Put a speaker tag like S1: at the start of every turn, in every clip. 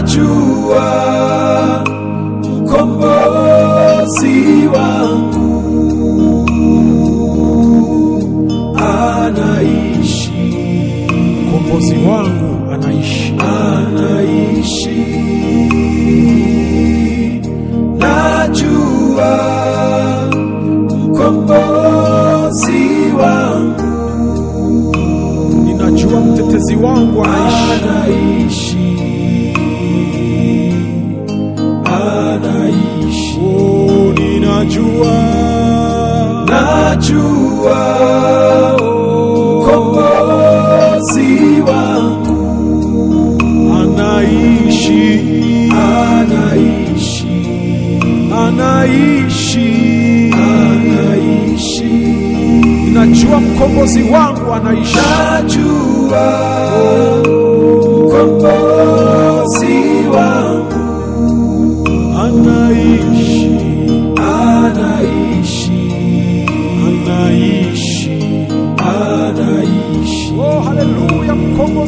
S1: najua mkombozi wangu anaishi, mkombozi wangu anaishi, anaishi, najua mkombozi wangu,
S2: ninajua mtetezi wangu anaishi, anaishi najua,
S1: najua kombozi wangu
S2: anaishi,
S1: anaishi,
S2: anaishi,
S1: anaishi.
S2: Najua mkombozi wangu anaishi,
S1: najua oh.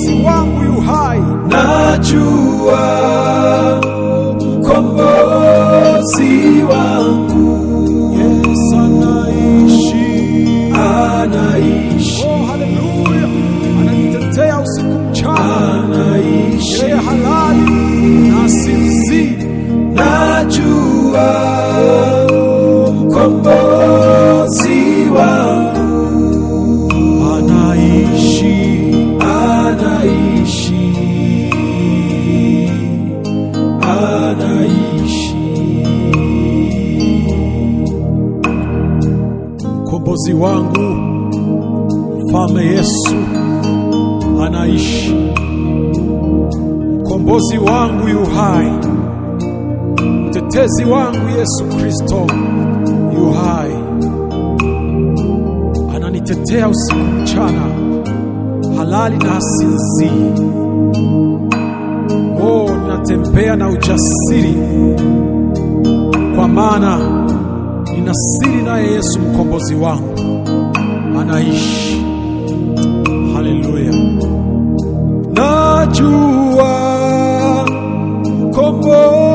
S2: mwokozi wangu yu hai,
S1: najua
S2: wangu mfalme Yesu anaishi, mkombozi wangu yu hai, mtetezi wangu Yesu Kristo yu hai, ananitetea usiku mchana, halali na hasinzii. Oh, natembea na ujasiri kwa maana ninasiri siri naye Yesu mkombozi wangu anaishi. Haleluya,
S1: najua kombo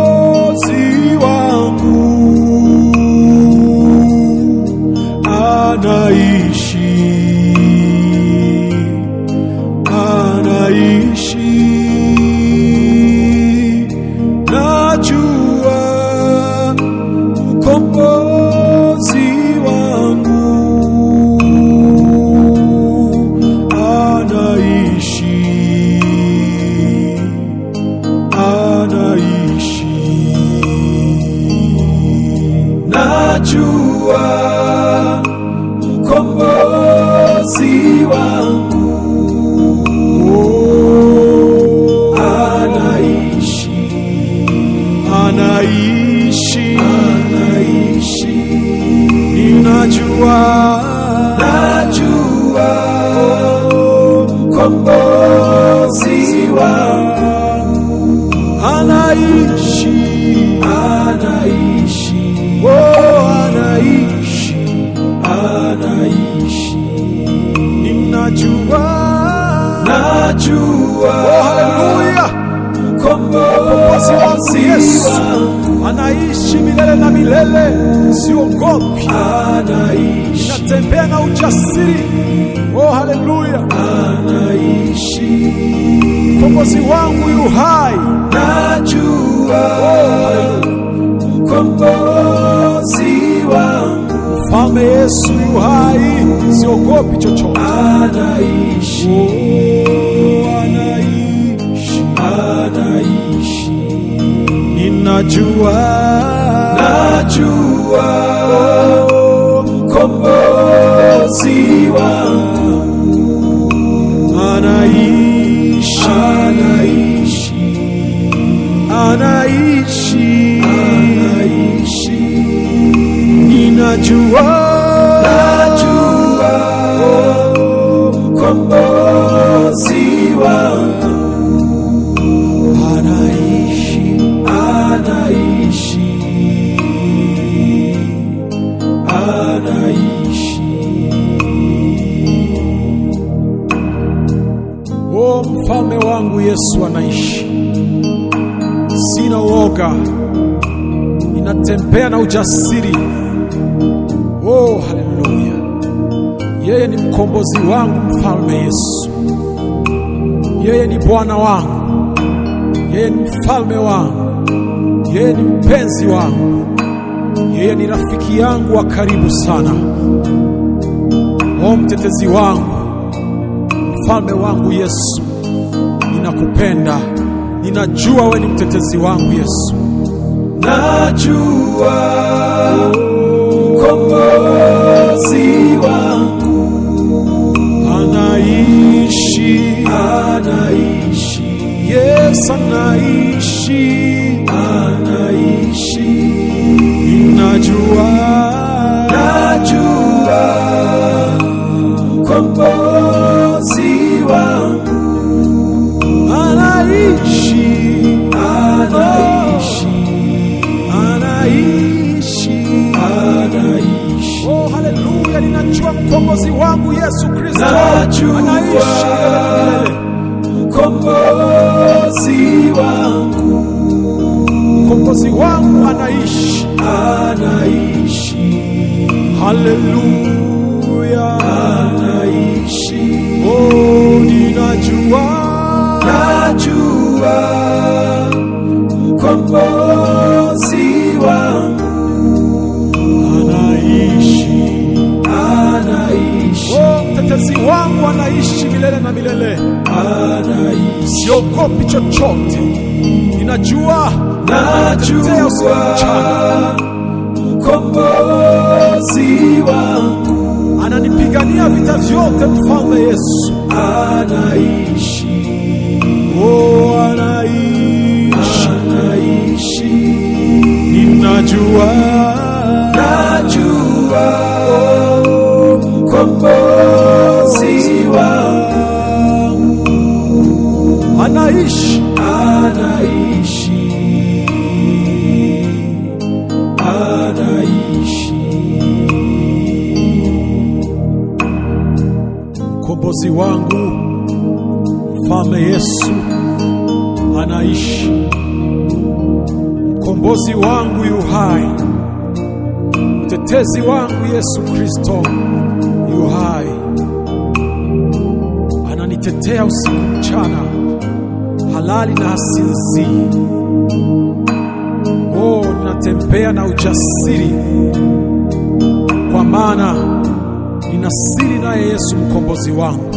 S2: siogopi, natembea na ujasiri. Oh, haleluya!
S1: Anaishi,
S2: mkombozi wangu yu hai,
S1: najua mkombozi wangu,
S2: mfalme Yesu yu hai, siogopi
S1: chochote, anaishi
S2: oh. najua,
S1: najua mkombozi wangu
S2: anaishi,
S1: anaishi,
S2: anaishi,
S1: anaishi,
S2: ninajua inaruka, inatembea na ujasiri. Oh, haleluya! Yeye ni mkombozi wangu, mfalme Yesu. Yeye ni Bwana wangu, yeye ni mfalme wangu, yeye ni mpenzi wangu, yeye ni rafiki yangu wa karibu sana. O mtetezi wangu, mfalme wangu Yesu, ninakupenda. Ninajua wewe ni mtetezi wangu Yesu,
S1: najua mkombozi wangu
S2: anaishi,
S1: anaishi
S2: Yesu anaishi mwokozi wangu Yesu
S1: Kristo anaishi mkombozi wangu
S2: mkombozi wangu
S1: anaishi anaishi
S2: haleluya
S1: anaishi
S2: oh ninajua
S1: najua mkombozi milele.
S2: Siogopi chochote, ninajua
S1: najua usichana mkombozi wangu
S2: ananipigania vita vyote. Mfalme
S1: Yesu anaishi,
S2: oh, anaishi,
S1: anaishi.
S2: Ninajua,
S1: najua, oh, mkombozi wangu
S2: mwokozi wangu, mfalme Yesu anaishi, mkombozi wangu yu hai, mtetezi wangu Yesu Kristo yu hai, ananitetea usiku mchana, halali na asinzii Oh, natembea na ujasiri kwa maana ninasiri na naye Yesu mkombozi wangu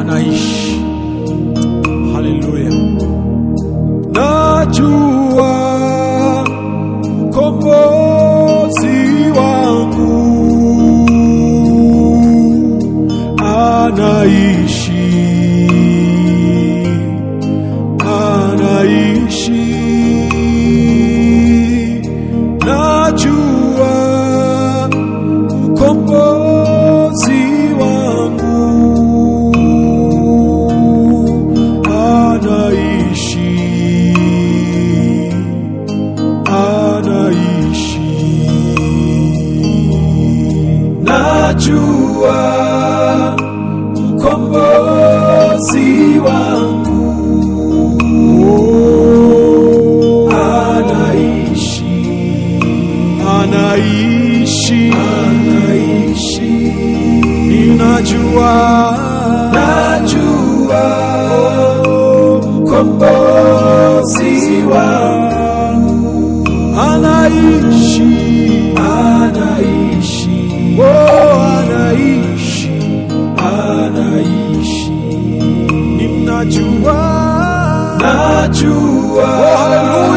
S2: anaishi. Haleluya,
S1: najua mkombozi wangu
S2: anaishi.
S1: mkombozi wangu
S2: anaishi,
S1: anaishi,
S2: oh, anaishi,
S1: anaishi.
S2: Ninajua,
S1: najua,
S2: oh,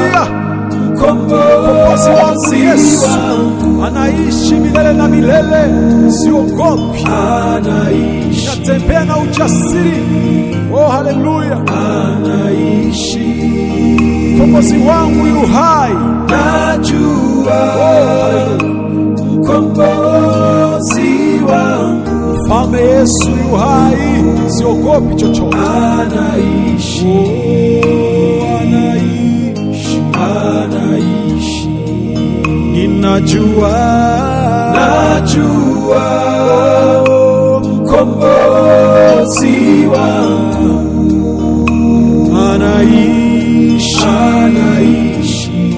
S2: wasiwasi. Yesu anaishi milele na milele, siogopi, natembea na ujasiri. Oh, haleluya,
S1: anaishi
S2: Mkombozi wangu yu hai,
S1: najua Mkombozi
S2: wangu fame Yesu yu hai,
S1: siogopi chochote, anaishi, oh, anaishi,
S2: anaishi Ninajua,
S1: najua mkombozi wangu
S2: anaishi,
S1: anaishi,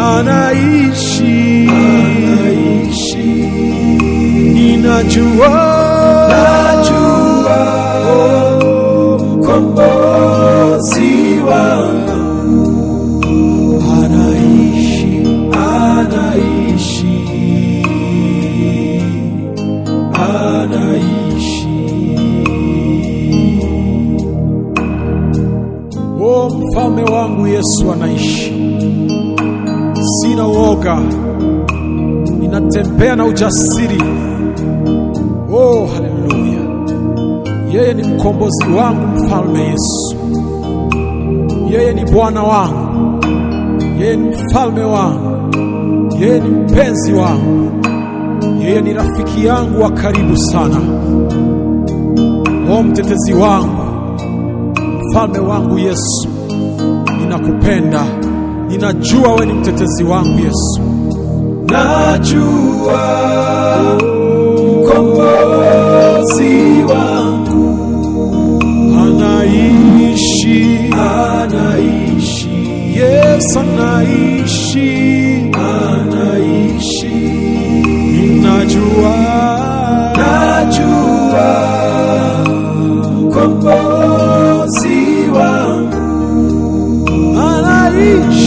S2: anaishi,
S1: anaishi,
S2: ninajua ujasiri. Oh, haleluya! Yeye ni mkombozi wangu, mfalme Yesu. Yeye ni Bwana wangu, yeye ni mfalme wangu, yeye ni mpenzi wangu, yeye ni rafiki yangu wa karibu sana. O mtetezi wangu, mfalme wangu Yesu, ninakupenda. Ninajua wewe ni mtetezi wangu Yesu
S1: najua mkombozi wangu
S2: anaishi,
S1: anaishi,
S2: Yesu anaishi,
S1: anaishi,
S2: ninajua,
S1: najua mkombozi wangu
S2: anaishi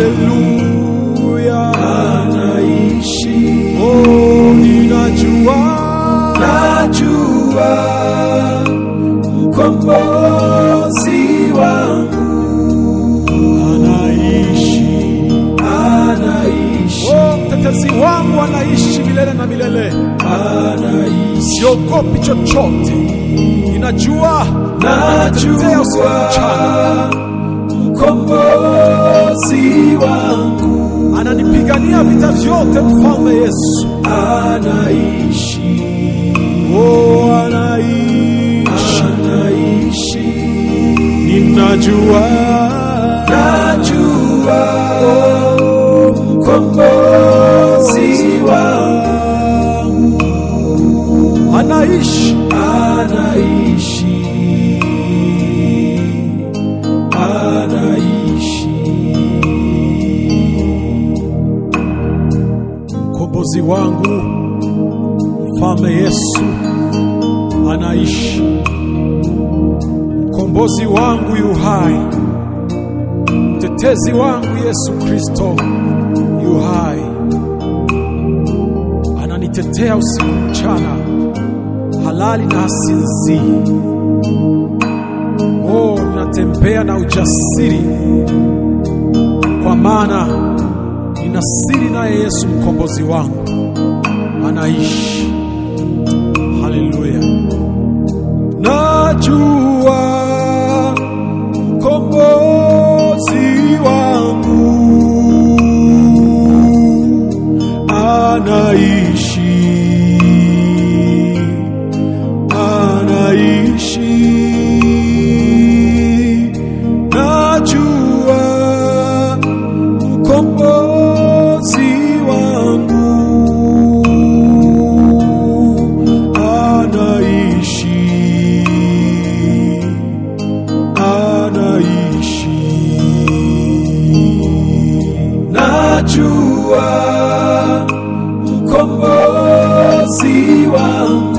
S2: haleluya,
S1: anaishi.
S2: Oh, ninajua,
S1: najua mkombozi wangu
S2: anaishi,
S1: anaishi.
S2: Oh, mtetezi wangu anaishi milele na milele,
S1: anaishi.
S2: Siogopi chochote, ninajua,
S1: najua, natetea mkombozi
S2: wangu, ananipigania vita vyote. Mfalme
S1: Yesu anaishi, oh, anaishi, anaishi.
S2: Ninajua,
S1: najua, mkombozi wangu
S2: anaishi,
S1: anaishi
S2: wangu. Mfalme Yesu anaishi, mkombozi wangu yu hai, mtetezi wangu Yesu Kristo yu hai, ananitetea usiku mchana, halali na o Oh, natembea na ujasiri kwa maana ninasiri siri naye Yesu mkombozi wangu. anaishi
S1: jua mkombozi wangu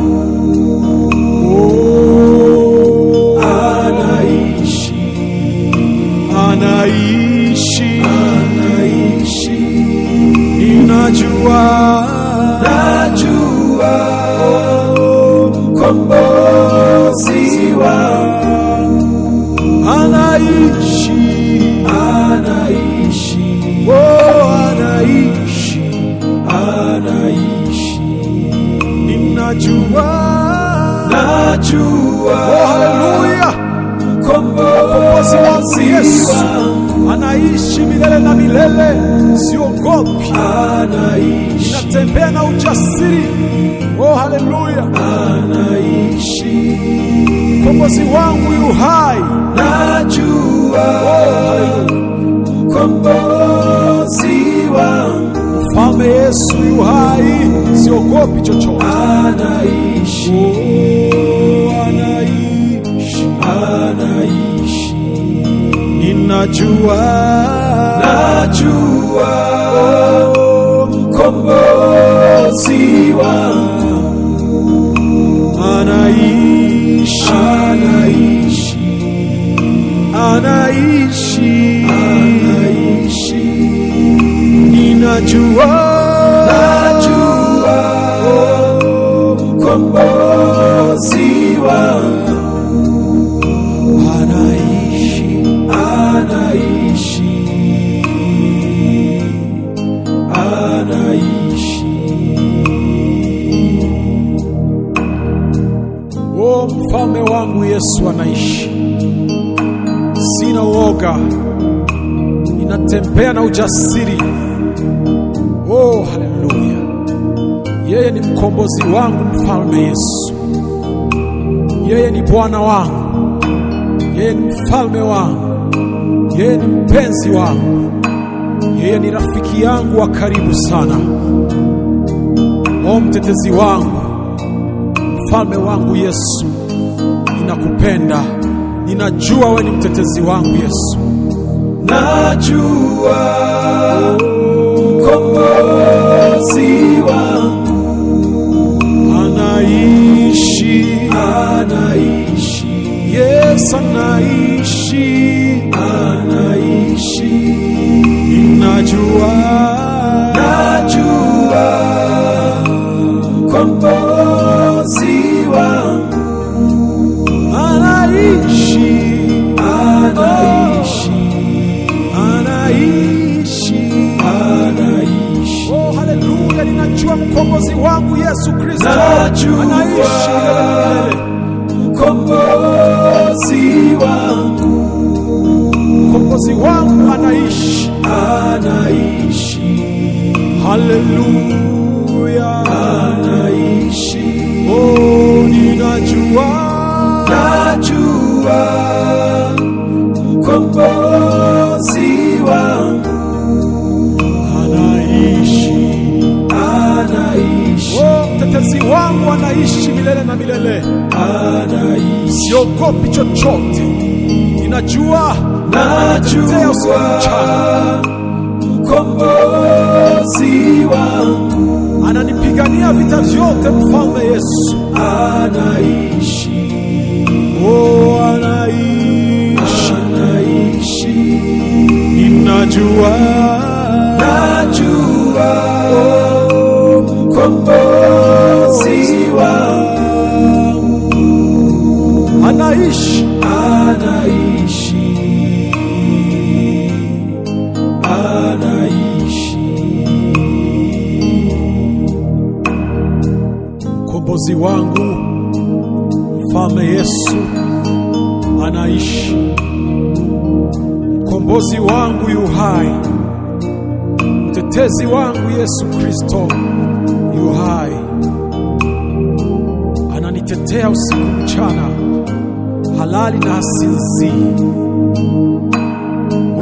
S2: najua,
S1: najua.
S2: Oh, haleluya! Mkombozi wangu Yesu anaishi milele na milele,
S1: siogopi,
S2: anaishi, natembea na ujasiri. Oh, haleluya, anaishi, mkombozi wangu yu hai,
S1: najua. Oh, haleluya, mkombozi
S2: wangu mfalme Yesu yu hai, siogopi chochote.
S1: Anaishi, anaishi,
S2: anaishi. Ninajua,
S1: najua najua, najua ukombozi wangu
S2: anaishi,
S1: anaishi,
S2: anaishi. O mfalme wangu Yesu anaishi, sina uoga, inatembea na ujasiri Oh, haleluya! Yeye ni mkombozi wangu, mfalme Yesu. Yeye ni Bwana wangu, yeye ni mfalme wangu, yeye ni mpenzi wangu, yeye ni rafiki yangu wa karibu sana. O mtetezi wangu, mfalme wangu Yesu, ninakupenda. Ninajua wewe ni mtetezi wangu Yesu,
S1: najua 过。anaishi, anaishi.
S2: Haleluya,
S1: anaishi.
S2: Oh, ninajua,
S1: najua mkombozi wangu
S2: anaishi,
S1: anaishi.
S2: Oh, mtetezi wangu anaishi milele na milele,
S1: anaishi.
S2: Siogopi chochote Ninajua
S1: najua mkombozi wangu
S2: ananipigania vita vyote, mfalme Yesu
S1: anaishi,
S2: oh, anaishi,
S1: anaishi.
S2: Ninajua
S1: najua mkombozi wangu
S2: anaishi,
S1: anaishi,
S2: anaishi. Mkombozi wangu mfalme Yesu anaishi, mkombozi wangu yu hai, mtetezi wangu Yesu Kristo yu hai, ananitetea usiku mchana halali na hasinzii.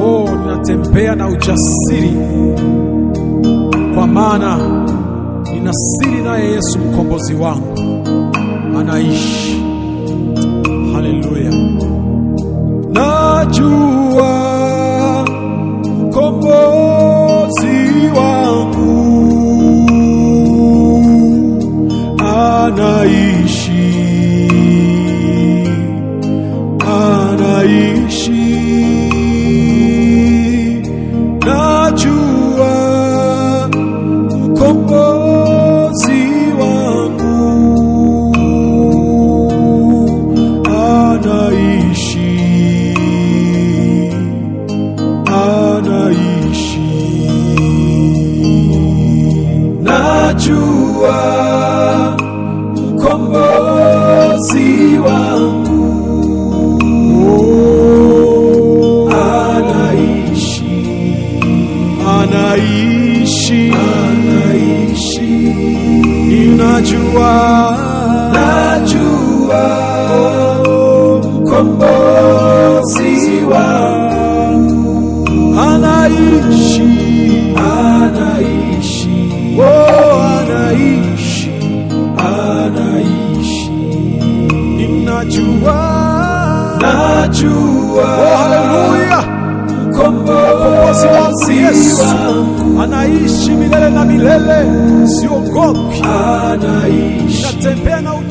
S2: Oh, ninatembea na ujasiri, kwa maana nina siri naye Yesu mkombozi wangu anaishi. Haleluya,
S1: najua mkombozi wangu
S2: anaishi. anaishi
S1: anaishi
S2: ninajua
S1: najua oh, kombozi wangu
S2: anaishi
S1: anaishi
S2: oh, anaishi
S1: anaishi
S2: ninajua
S1: najua
S2: oh, Yesu anaishi milele na milele,
S1: siogopi,
S2: natembea na